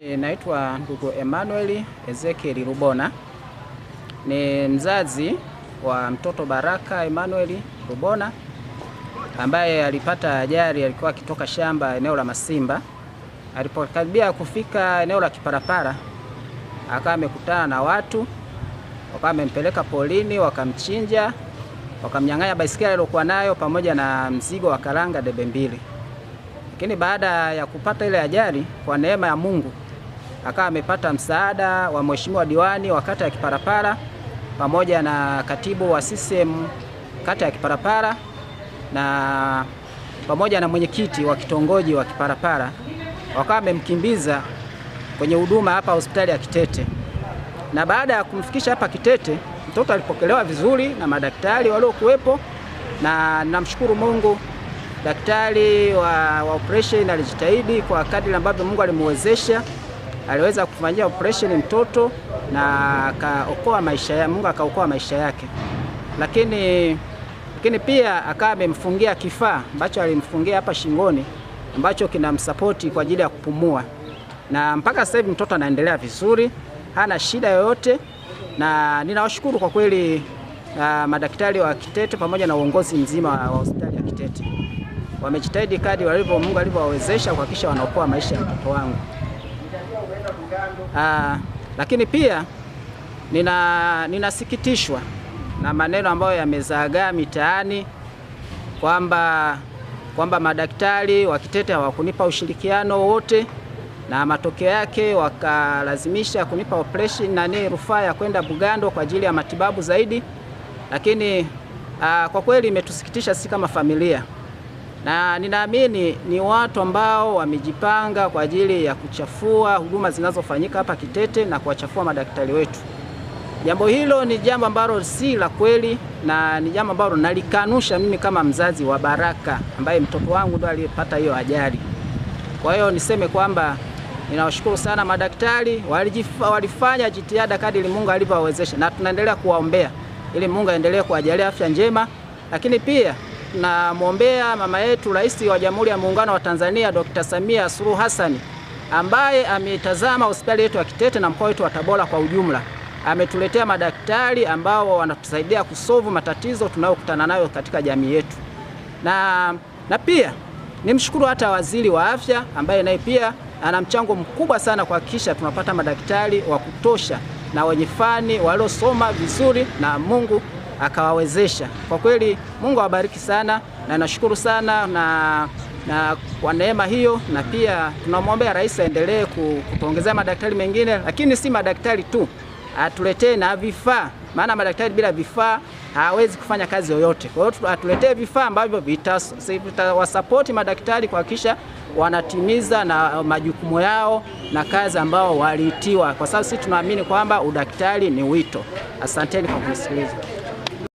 E, naitwa ndugu Emmanuel Ezekiel Rubona, ni mzazi wa mtoto Baraka Emmanuel Rubona ambaye alipata ajali, alikuwa akitoka shamba eneo la Masimba. Alipokaribia kufika eneo la Kiparapara, akawa amekutana na watu, wakawa amempeleka polini, wakamchinja, wakamnyang'anya baisikeli aliyokuwa nayo pamoja na mzigo wa karanga debe mbili. Lakini baada ya kupata ile ajali, kwa neema ya Mungu akawa amepata msaada wa mheshimiwa diwani wa kata ya Kiparapara pamoja na katibu wa CCM kata ya Kiparapara na pamoja na mwenyekiti wa kitongoji wa Kiparapara wakawa amemkimbiza kwenye huduma hapa hospitali ya Kitete, na baada ya kumfikisha hapa Kitete mtoto alipokelewa vizuri na madaktari waliokuwepo, na namshukuru Mungu daktari wa, wa operation alijitahidi kwa kadri ambavyo Mungu alimwezesha aliweza kufanyia operation mtoto na akaokoa maisha ya Mungu akaokoa maisha yake, lakini lakini pia akawa amemfungia kifaa ambacho alimfungia hapa shingoni ambacho kinamsapoti kwa ajili ya kupumua, na mpaka sasa hivi mtoto anaendelea vizuri, hana shida yoyote, na ninawashukuru kwa kweli na uh, madaktari wa Kitete pamoja na uongozi mzima wa hospitali ya Kitete wamejitahidi kadri walivyo Mungu alivyowawezesha kuhakikisha wanaokoa maisha ya mtoto wangu. Aa, ah, lakini pia nina ninasikitishwa na maneno ambayo yamezaagaa mitaani kwamba kwamba madaktari wakitete hawakunipa ushirikiano wote na matokeo yake wakalazimisha kunipa operation nani rufaa ya kwenda Bugando kwa ajili ya matibabu zaidi, lakini aa, ah, kwa kweli imetusikitisha sisi kama familia na ninaamini ni watu ambao wamejipanga kwa ajili ya kuchafua huduma zinazofanyika hapa Kitete na kuwachafua madaktari wetu. Jambo hilo ni jambo ambalo si la kweli na ni jambo ambalo nalikanusha mimi kama mzazi wa Baraka ambaye mtoto wangu ndo aliyepata hiyo ajali. Kwa hiyo niseme kwamba ninawashukuru sana madaktari, walifanya jitihada kadri Mungu alivyowawezesha, na tunaendelea kuwaombea ili Mungu aendelee kuwajalia afya njema, lakini pia tunamwombea mama yetu Rais wa Jamhuri ya Muungano wa Tanzania Dr. Samia Suluhu Hassan ambaye ametazama hospitali yetu ya Kitete na mkoa wetu wa Tabora kwa ujumla. Ametuletea madaktari ambao wanatusaidia kusovu matatizo tunayokutana nayo katika jamii yetu, na, na pia nimshukuru hata waziri wa afya ambaye naye pia ana mchango mkubwa sana kuhakikisha tunapata madaktari wa kutosha na wenye fani waliosoma vizuri na Mungu akawawezesha. Kwa kweli Mungu awabariki sana na nashukuru sana na na kwa neema hiyo, na pia tunamwombea rais aendelee kutuongezea madaktari mengine, lakini si madaktari tu, atuletee na vifaa, maana madaktari bila vifaa hawezi kufanya kazi yoyote. Kwa hiyo atuletee vifaa ambavyo vitawasapoti madaktari kuhakikisha wanatimiza na majukumu yao na kazi ambao waliitiwa, kwa sababu sisi tunaamini kwamba udaktari ni wito. Asanteni kwa kunisikiliza.